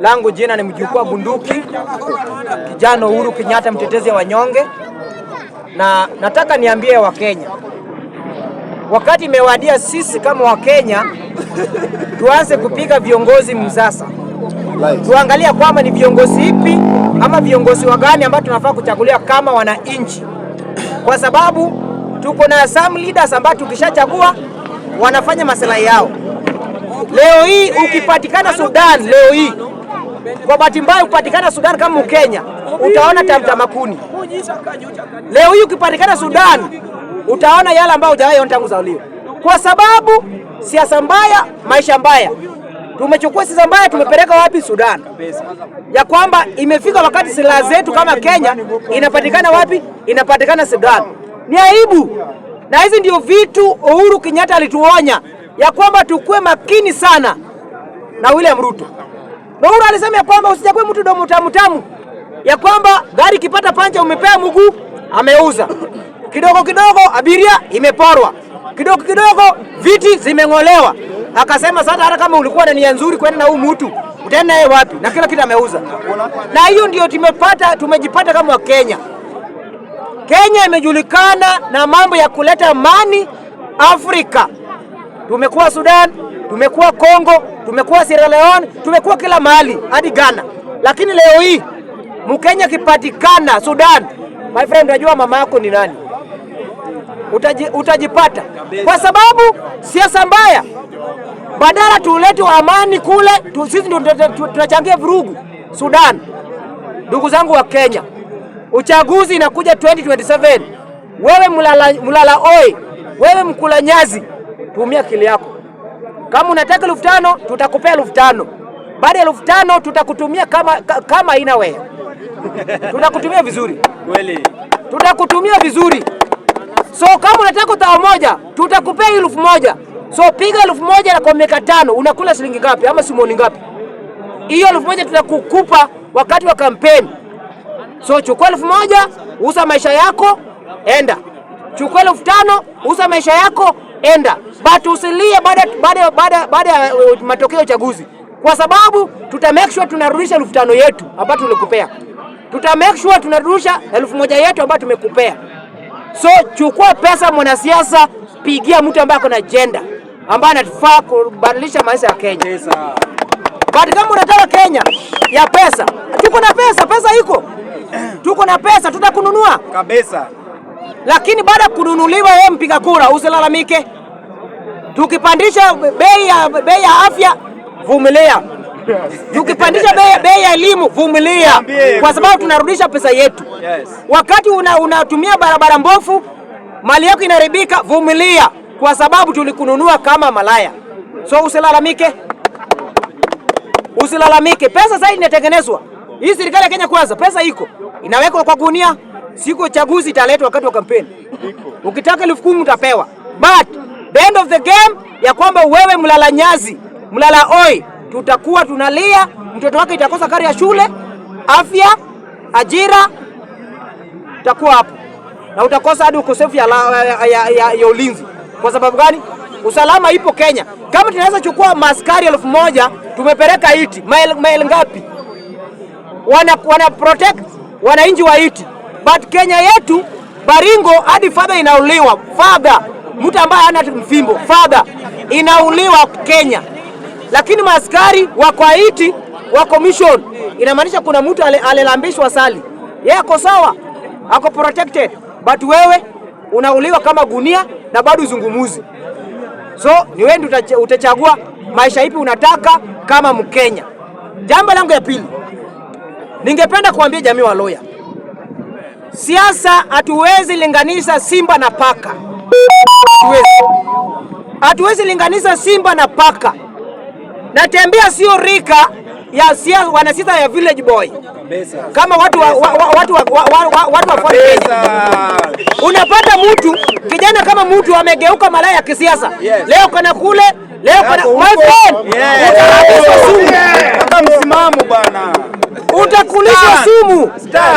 Langu jina ni mjukuu bunduki, kijana Uhuru Kenyatta, mtetezi wa wanyonge, na nataka niambie Wakenya, wakati imewadia sisi kama Wakenya tuanze kupiga viongozi msasa, tuangalia kwamba ni viongozi ipi ama viongozi wa gani ambao tunafaa kuchagulia kama wananchi, kwa sababu tuko na some leaders ambao tukishachagua wanafanya maslahi yao. Leo hii ukipatikana Sudan, leo hii kwa bahati mbaya ukipatikana Sudan kama Mkenya utaona tamtamakuni Leo hii ukipatikana Sudan utaona yale ambayo hujawahi ona tangu uzaliwa, kwa sababu siasa mbaya, maisha mbaya. Tumechukua siasa mbaya, tumepeleka wapi? Sudan, ya kwamba imefika wakati silaha zetu kama Kenya inapatikana wapi? Inapatikana Sudan. Ni aibu, na hizi ndio vitu Uhuru Kenyatta alituonya ya kwamba tukue makini sana na William Ruto. Waura alisema ya kwamba usichague mtu domo tamu tamu, ya kwamba gari ikipata pancha umepea mguu ameuza, kidogo kidogo abiria imeporwa, kidogo kidogo viti zimeng'olewa. Akasema sasa hata kama ulikuwa na nia nzuri kwenda na huu mtu utaenda yeye wapi? Na kila kitu ameuza, na hiyo ndio tumepata tumejipata kama kenya Kenya imejulikana na mambo ya kuleta amani Afrika. Tumekuwa Sudan Tumekuwa Kongo, tumekuwa Sierra Leone, tumekuwa kila mahali hadi Ghana, lakini leo hii Mkenya kipatikana Sudan, my friend, unajua mama yako ni nani? Utaji, utajipata kwa sababu siasa mbaya. Badala tulete amani kule, sisi ndio tunachangia vurugu Sudan. Ndugu zangu wa Kenya, uchaguzi inakuja 2027. Wewe mlala, mlala oi, wewe mkula nyazi, tumia akili yako. Kama unataka elfu tano tutakupea elfu tano baada ya elfu tano tutakutumia kama, kama haina wewe tunakutumia vizuri kweli, tutakutumia vizuri. So kama unataka utao moja tutakupea elfu moja so piga elfu moja na kwa miaka tano unakula shilingi ngapi ama simoni ngapi? Hiyo elfu moja tutakukupa wakati wa kampeni. So chukua elfu moja usa maisha yako, enda. Chukua elfu tano usa maisha yako, enda but usilie baada ya uh, matokeo ya uchaguzi, kwa sababu tuta make sure tunarudisha elfu tano yetu ambayo tulikupea, tuta make sure tunarudisha elfu moja yetu ambayo tumekupea. So chukua pesa, mwanasiasa, pigia mtu ambaye ako na agenda ambaye anafaa kubadilisha maisha ya Kenya. But kama unataka Kenya ya pesa, tuko na pesa, pesa iko, tuko na pesa, tutakununua kabisa. Lakini baada ya kununuliwa, wewe mpiga kura usilalamike. Tukipandisha bei ya bei ya afya, vumilia. Tukipandisha bei ya elimu, vumilia, kwa sababu tunarudisha pesa yetu. Wakati unatumia una barabara mbofu mali yako inaharibika, vumilia, kwa sababu tulikununua kama malaya. So usilalamike, usilalamike. Pesa sasa inatengenezwa. Hii serikali ya Kenya Kwanza, pesa iko inawekwa kwa gunia. Siku ya uchaguzi italetwa wakati wa kampeni. Ukitaka elfu kumi utapewa but the end of the game ya kwamba wewe mlala nyazi, mlala oi, tutakuwa tunalia, mtoto wake itakosa kari ya shule, afya, ajira, utakuwa hapo na utakosa hadi ukosefu ya, ya, ya, ya, ya ulinzi. Kwa sababu gani? Usalama ipo Kenya. Kama tunaweza chukua maskari elfu moja tumepeleka iti mail, mail ngapi? Wana, wana protect wananchi wa iti, but Kenya yetu Baringo hadi fadha inauliwa fadha mtu ambaye hana mfimbo fadha inauliwa Kenya, lakini maaskari wa kwaiti wa commission, Inamaanisha kuna mtu alilambishwa sali, yeye ako sawa, ako protected, but wewe unauliwa kama gunia na bado zungumuzi. So ni wewe ndio utachagua maisha ipi unataka kama Mkenya. Jambo langu ya pili, ningependa kuambia jamii wa loya, siasa hatuwezi linganisha simba na paka. Hatuwezi linganisha simba na paka, na tembea sio rika ya sia, wanasita ya village boy kama watu wa, wa, wa, watu wa, wa, wa, watu wa unapata mtu kijana kama mtu amegeuka malaya ya kisiasa yes. Leo kana kule leo kana my friend msimamo bwana, utakulisha sumu,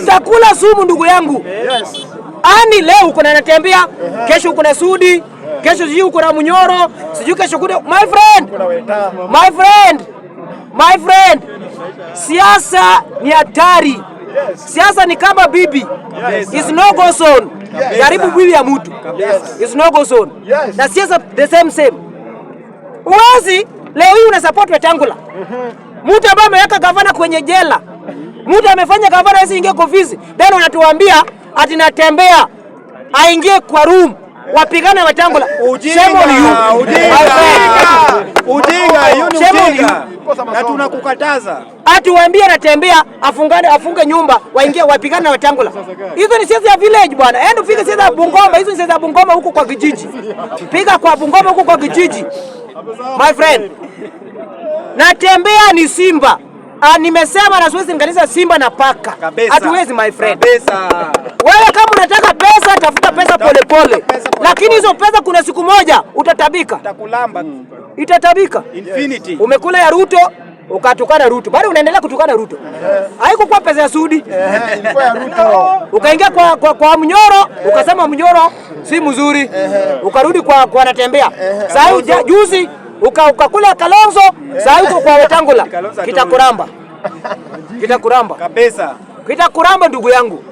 utakula sumu ndugu yangu yes ani leo uko na Natembea, kesho uko na Sudi, kesho sijui uko na Munyoro, sijui kesho kuna my friend, my friend, my friend, siasa ni hatari. Siasa ni kama bibi is no go son. jaribu bibi ya mtu is no go zone, na siasa the same same. Uwezi leo hii una support Wetangula, mm-hmm. mtu ambaye ameweka gavana kwenye jela, mtu amefanya gavana asiingie kwa ofisi, then unatuambia atinatembea aingie kwa room wapigane Wachangula. Na tunakukataza ati waambie anatembea afungane afunge nyumba waingie wapigane na watangula Hizo ni siasa ya village bwana. Enda piga siasa ya Bungoma, hizo ni siasa ya Bungoma huko kwa kijiji. Piga kwa Bungoma huko kwa kijiji. My friend. Natembea ni Simba. Ah, nimesema na siwezi mkanisha Simba na paka. Hatuwezi my friend. Kabisa. Wewe kama unataka pesa tafuta pesa polepole. Lakini hizo pesa kuna siku moja utatabika. Itakulamba. Mm. Itatabika. Infinity. Umekula ya Ruto ukatukana Ruto. Bado unaendelea kutukana Ruto. Eh. Haikukuwa pesa ya Sudi. Eh, ilikuwa ya Ruto. Ukaingia kwa, kwa, kwa Mnyoro, eh. ukasema Mnyoro si mzuri. Ukarudi kwa kwa anatembea. Sasa juzi ukakula kule Kalonzo saa hizo kwa Wetangula kitakuramba, kitakuramba kabisa, kitakuramba ndugu yangu.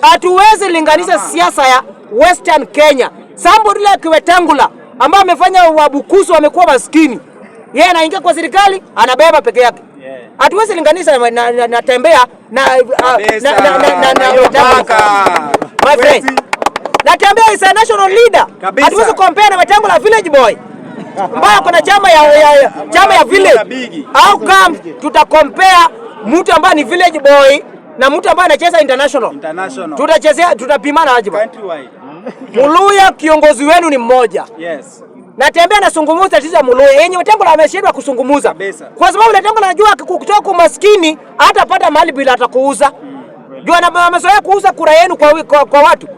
Hatuwezi linganisha siasa ya Western Kenya. Somebody like Wetangula ambaye amefanya Wabukusu wamekuwa maskini, yeye anaingia kwa serikali anabeba peke yake. Hatuwezi linganisha na Tembea na na My friend, Natembea is a national leader. Hatuwezi compare na Wetangula village boy mbaya kuna chama ya, ya, chama ya village au kama tutakompea mtu ambaye ni village boy na mtu ambaye anacheza international, international. Tutachezea, tutapimana wajibu Muluya, kiongozi wenu ni mmoja yes. Natembea nasungumuza tatizo ya Muluya yenye Wetangula ameshindwa kusungumuza kwa sababu Wetangula anajua kutoka kwa maskini hatapata mali bila atakuuza mm, jua, na amezoea kuuza kura yenu kwa, kwa, kwa watu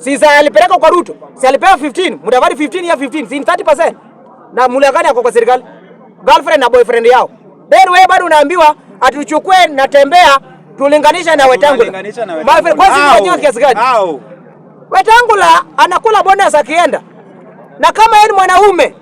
si za alipeleka kwa Ruto. Si alipewa 15, Mudavadi 15 ya 15, si 30%. Na Mulankani yako kwa serikali. Girlfriend na boyfriend yao. Then wewe bado unaambiwa atuchukue na tembea tulinganisha na Wetangula. Maana kwa sababu unajua kiasi gani? Wetangula anakula bonus akienda. Na kama yeye mwanaume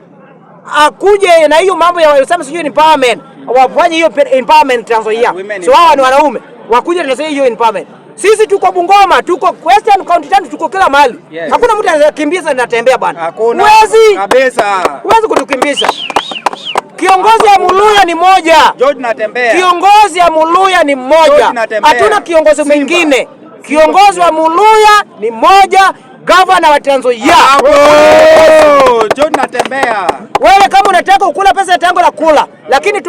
akuje na hiyo mambo ya usema sijui empowerment, wafanye hiyo empowerment transfer. Nzoia. So hawa ni wanaume. Wakuje tunasema hiyo empowerment. Sisi tuko Bungoma, tuko Western County tano, tuko kila mahali yes. Hakuna mtu anakimbiza natembea bwana. Hakuna. Huwezi. Kabisa. Huwezi kutukimbiza. Kiongozi ya Muluya ni moja. George natembea. Kiongozi ya Muluya ni moja hatuna kiongozi mwingine. Kiongozi wa Muluya ni moja, gavana wa Trans Nzoia. George natembea. Wewe kama unataka ukula pesa ya tango la kula, lakini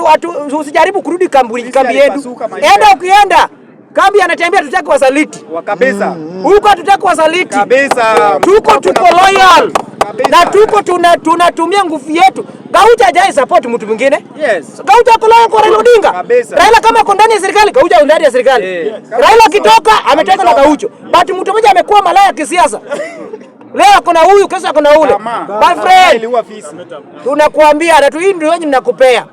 usijaribu kurudi kambi yetu, enda ukienda Kambi anatembea tutaki kuwasaliti. Kabisa. Huko tutaki wasaliti Kabisa. Tuko tuko loyal. Kabisa. Na tuko tunatumia tuna nguvu yetu. Gauja hajai support mtu mwingine. Yes. Gauja kula kwa Raila Odinga. Kabisa. Raila kama ako ndani ya serikali, Gauja yuko ndani ya serikali. Yes. Eh. Raila akitoka ametoka na Gaucho. But mtu mmoja amekuwa malaya kisiasa. Leo ako na huyu, kesho ako na ule. My friend, tunakuambia na tu hii ndio yenye mnakupea.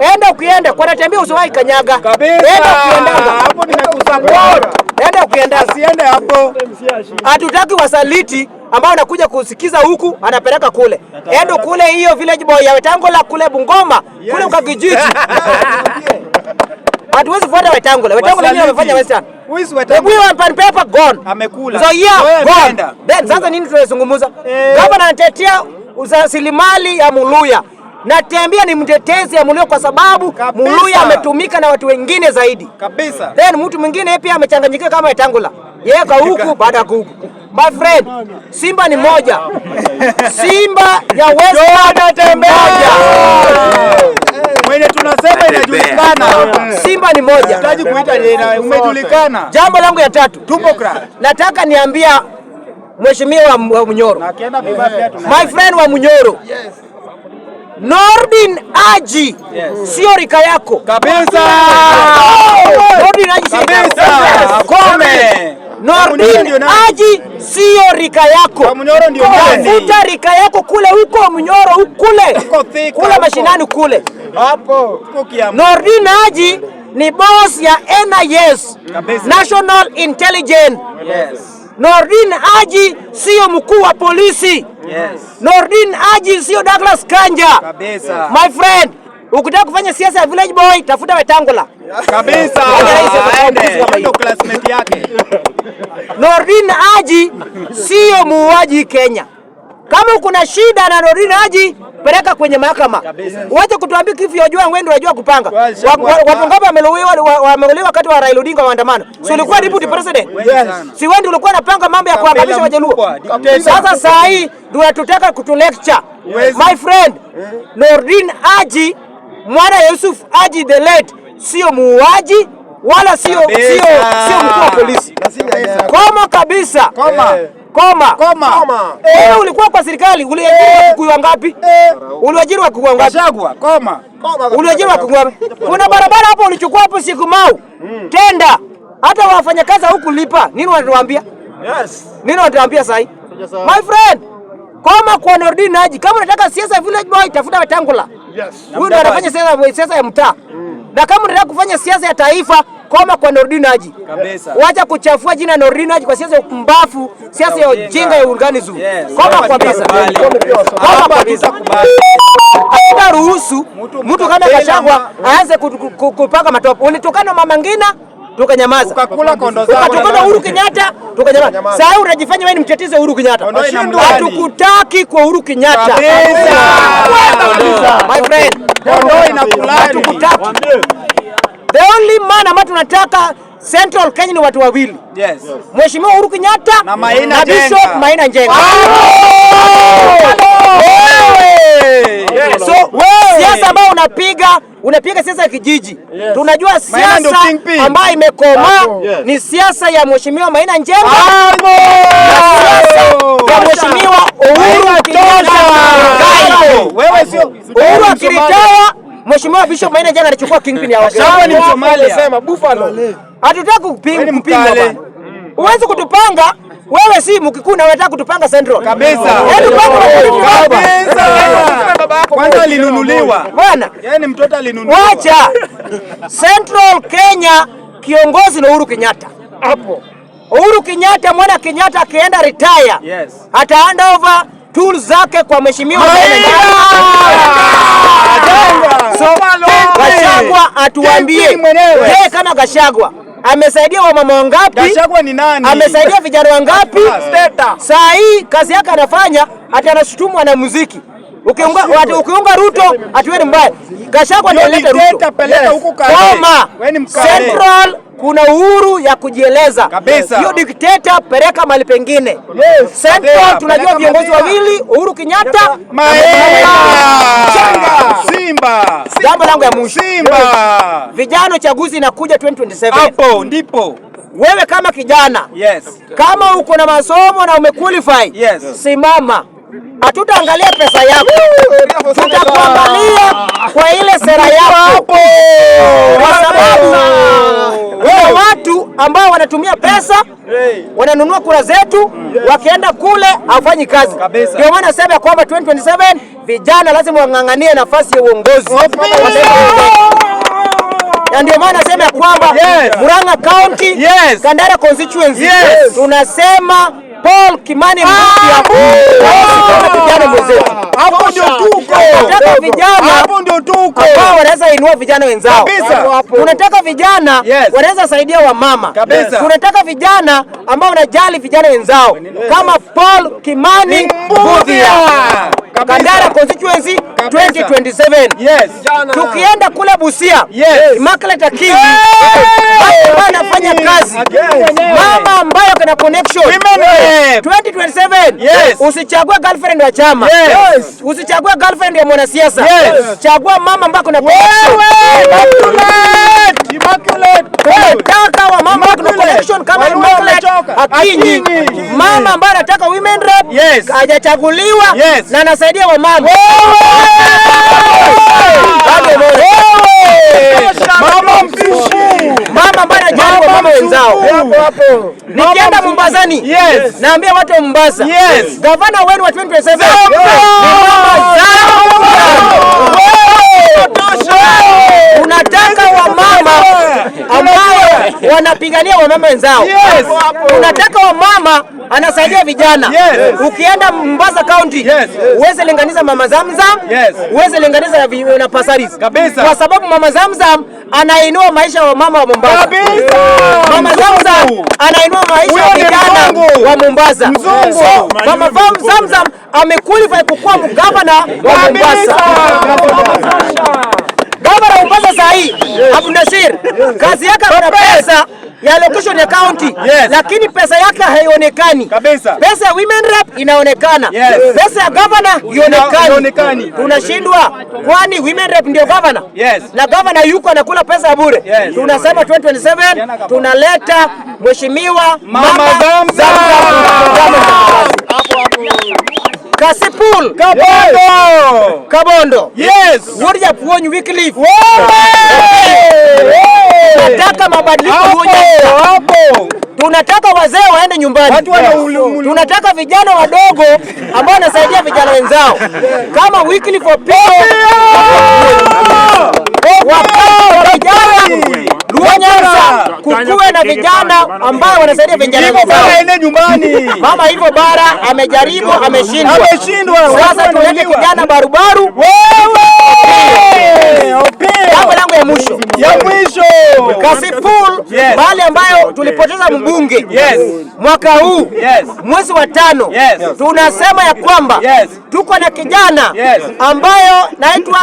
Enda ukienda kwa natembea usiwahi kanyaga. Kabisa. Enda ukienda hapo ninakusupport. Enda ukienda asiende hapo. Hatutaki wasaliti ambao anakuja kusikiza huku anapeleka kule. Enda kule hiyo village boy ya Wetangola kule Bungoma, yes. Kule kijiji. Hatuwezi kufuata Wetangola. Wetangola yeye amefanya western. Who is Wetangola? Hebu pan paper gone. Amekula. So yeah, Wee, gone. Then sasa nini tunazungumza? Eh. Gavana anatetea usasilimali ya Muluya natembea ni mtetezi ya Muluya kwa sababu Muluya ametumika na watu wengine zaidi kabisa. Then mtu mwingine pia amechanganyikiwa kama Etangula, yeka huku baada huku. My friend, Simba ni moja, Simba ya Western Tembea mwenye tunasema inajulikana. Simba ni moja, umejulikana. Jambo langu ya tatu, nataka niambia mheshimiwa wa Munyoro, my friend wa Munyoro, yes. Nordin Aji yes. Sio rika yako kabisa. Oh, Nordin Aji sio Haji Nordin Aji sio rika yako, tafuta rika yako kule huko Mnyoro kule kule mashinani kule hapo. Nordin Aji ni boss ya NIS National Intelligence yes. Nordin Aji sio mkuu wa polisi yes. Nordin Haji sio Douglas Kanja kabisa. My friend, ukitaka kufanya siasa ya village boy tafuta Wetangula kabisa. Classmate yake Nordin Haji sio muuaji Kenya. Kama uko shida na Nordin Haji peleka kwenye mahakama. Wacha kutuambia ya unajua wewe ya unajua kupanga. Watu ngapi wameuliwa wameuliwa wakati wa Raila Odinga maandamano? Si ulikuwa deputy president? Si wewe ndio ulikuwa unapanga mambo ya kuangamisha Wajaluo? Sasa saa hii ndio yatutaka kutulecture my friend eh? Nordin Haji mwana Yusuf Haji the late sio muuaji wala sio mkuu wa polisi. Koma kabisa, koma. Eh. Koma. Koma. Koma. Wewe eh. ulikuwa kwa serikali uliajiri ngapi? Hey. Uliajiri kwa ngapi? Kashagwa. Koma. Koma. Uliajiri wakuu wangapi? Kuna barabara hapo ulichukua hapo siku mau. Mm. Tenda. Hata wafanyakazi lipa. Nini wanatuambia? Yes. Nini wanatuambia sasa? My friend, Koma kwa Nordin Haji, kama unataka siasa village boy tafuta Wetangula. Yes. Huyu ndiye anafanya siasa siasa ya mtaa. Mm. Na kama unataka kufanya siasa ya taifa koma kwa Nordin Haji. Kabisa. Wacha kuchafua jina Nordin Haji kwa siasa ya kumbafu, siasa ya jinga ya urganizu. Yes. Koma kwa pesa. Koma kwa pesa. Hata ruhusu mtu kama kashangwa aanze kupaka matope. Ulitukana mama Ngina tukanyamaza, ukakula kondo zao, Uhuru Kenyatta tukanyamaza. Sasa unajifanya wewe ni mtetezi wa Uhuru Kenyatta, hatukutaki kwa Uhuru Kenyatta my friend, kondo hatukutaki. The only man ambaye tunataka Central Kenya ni watu wawili. Yes. Mheshimiwa Uhuru Kenyatta na Maina Njenga. So siasa ambayo unapiga unapiga siasa ya kijiji yes. Tunajua siasa ambayo imekoma ni siasa ya Mheshimiwa Maina njenga ya Mheshimiwa Uhuru Uhuru akiritawa Mheshimiwa Bishop Maina jana alichukua kingpin ya Somalia. Hatutaki kupinga. Huwezi kutupanga wewe si na unataka kutupanga Central. Kabisa. Yaani baba yako kwanza alinunuliwa. Bwana. Yaani mtoto alinunuliwa. Wacha. Central Kenya kiongozi na Uhuru Kenyatta. Hapo. Uhuru Kenyatta mwana Kenyatta akienda retire. Yes. Ata hand over tools zake kwa mheshimiwa Gachagua atuambie yeye kama Gachagua amesaidia wamama wangapi? ni nani? amesaidia vijana wangapi? Eh. Saa hii kazi yake anafanya, hata anashutumwa na muziki. Ukiunga, ukiunga Ruto atiwe ni mbaya. Gachagua alete Ruto. Peleka huko Goma Central kuna uhuru ya kujieleza. Kabisa. Hiyo dikteta peleka mali pengine. Yes. Central tunajua viongozi wawili Uhuru Kenyatta Simba. Jambo langu ya mwisho. Simba. Vijana chaguzi inakuja 2027. Hapo ndipo. Wewe kama kijana. Yes. Kama uko na masomo na umequalify. Yes. Simama hatutaangalia pesa yako, tutakuangalia kwa ile sera yako, kwa sababu wewe watu ambao wanatumia pesa wananunua kura zetu, wakienda kule hawafanyi kazi. Ndio maana nasema ya kwamba 2027 vijana lazima wang'ang'anie nafasi ya uongozi na ndio maana nasema ya kwamba Murang'a County, Kandara constituency tunasema Paul Kimani vijana ah, ah, mwenzetu, ah, hapo ndio tuko. Tunataka vijana, hapo ndio tuko, ambao wanaweza inua vijana wenzao. Tunataka vijana wanaweza saidia wamama. Tunataka vijana ambao wanajali vijana wenzao kama Paul Kimani Mbuthia, Kandara constituency 2027 yes. Tukienda kule Busia yes. Immaculate Akinyi hey! anafanya kazi yes. Mama ambayo kana connection yes. 2027 yes. Usichague girlfriend wa chama yes. Usichague girlfriend ya mwanasiasa yes. Chagua mama ambayo kuna connection taka wa mama kuna connection kama Immaculate Akinyi, mama ambaye anataka women rep hajachaguliwa na anasaidia wa mama mama mpishi, mama ambaye Nikienda Mombasani, naambia watu wa Mombasa, yes. gavana wenu wa 2027 unataka wa wanapigania wamama wenzao. Yes. Unataka wamama anasaidia vijana. Yes. Ukienda Mombasa County uweze linganisha mama Zamzam, uweze linganisha na Pasaris kabisa, kwa sababu mama Zamzam anainua maisha wa mama wa Mombasa kabisa. Mama Zamzam anainua maisha ya vijana wa Mombasa. So, mama Zamzam amequalify kukuwa mgavana wa Mombasa. Gavana upasa saa hii kazi yake kuna pesa ya location ya county yes. Lakini pesa yake haionekani kabisa. Pesa ya women rep inaonekana yes. Pesa ya governor ionekani, tunashindwa kwani women rep ndio governor yes. Na governor yuko anakula pesa bure yes. Tunasema 2027 tunaleta mheshimiwa Mama Zamba. Kasipul. Kabondo. Yes. Kabondo. Yes. Wodi ya Puonyi Wycliffe. Tunataka mabadiliko hapo. Tunataka wazee waende nyumbani. Tunataka vijana wadogo ambao wanasaidia vijana wenzao kama Wycliffe Opiyo. Wakati vijana Nyanza kukuwe na vijana ambao wanasaidia vijana ene nyumbani. Mama hivyo bara amejaribu, ameshindwa, ameshindwa. Sasa tuweke kijana barubaru. Wewe jambo langu ya mwisho ya mwisho Kasipul, mahali ambayo tulipoteza mbunge mwaka huu mwezi wa tano, tunasema ya kwamba tuko na kijana ambayo naitwa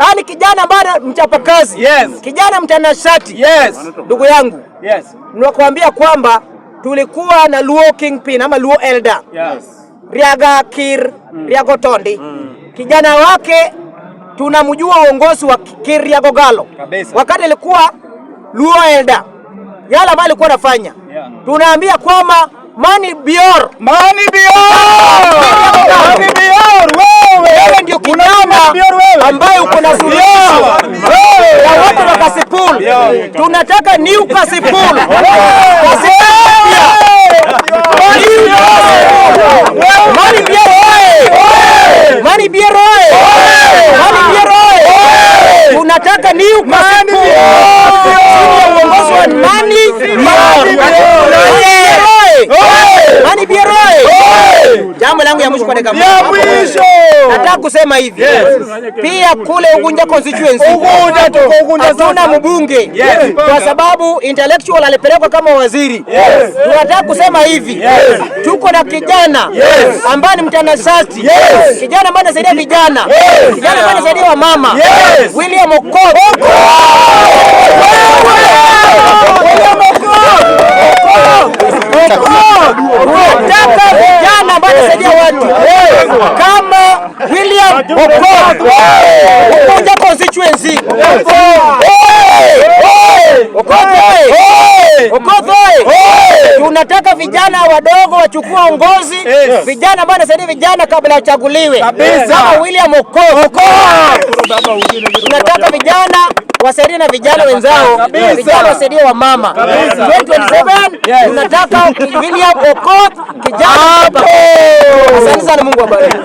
yaani kijana bado mchapakazi, yes. kijana mtanashati, yes. ndugu yangu, yes. nakwambia kwamba tulikuwa na Luo Kingpin ama Luo Elder, yes. Riaga Kir mm. Riago Tondi mm. kijana wake tunamjua uongozi wa kir Kiriagogalo wakati alikuwa Luo Elder, yale ambayo alikuwa anafanya, yeah. tunaambia kwamba Mani Bior, Mani Bior, Mani Bior wewe ndio kinama ambaye uko na suluhisho ya watu wa Kasipul. Tunataka new Kasipul. Mani Biero tunataka new Kasipul chini ya uongozi wa Mani Biero. Jambo langu ya mwisho kwa dakika moja. Nataka kusema hivi yes. Pia kule Ugunja constituency hatuna mbunge yes. Kwa sababu intellectual alipelekwa kama waziri yes. Tunataka kusema hivi yes. Tuko na kijana yes. ambaye ni mtanashati yes. Kijana ambaye anasaidia vijana yes. Kijana ambaye anasaidia wamama yes. William Okot Okoja constituency tunataka vijana wadogo wachukua ongozi, vijana ambao nasaidia vijana kabla wachaguliwe kama William Okoth. Tunataka vijana wasaidie na vijana wenzao, vijana wasaidie wa mama 2027. Tunataka William Okoth kijana. Asante sana, Mungu abariki.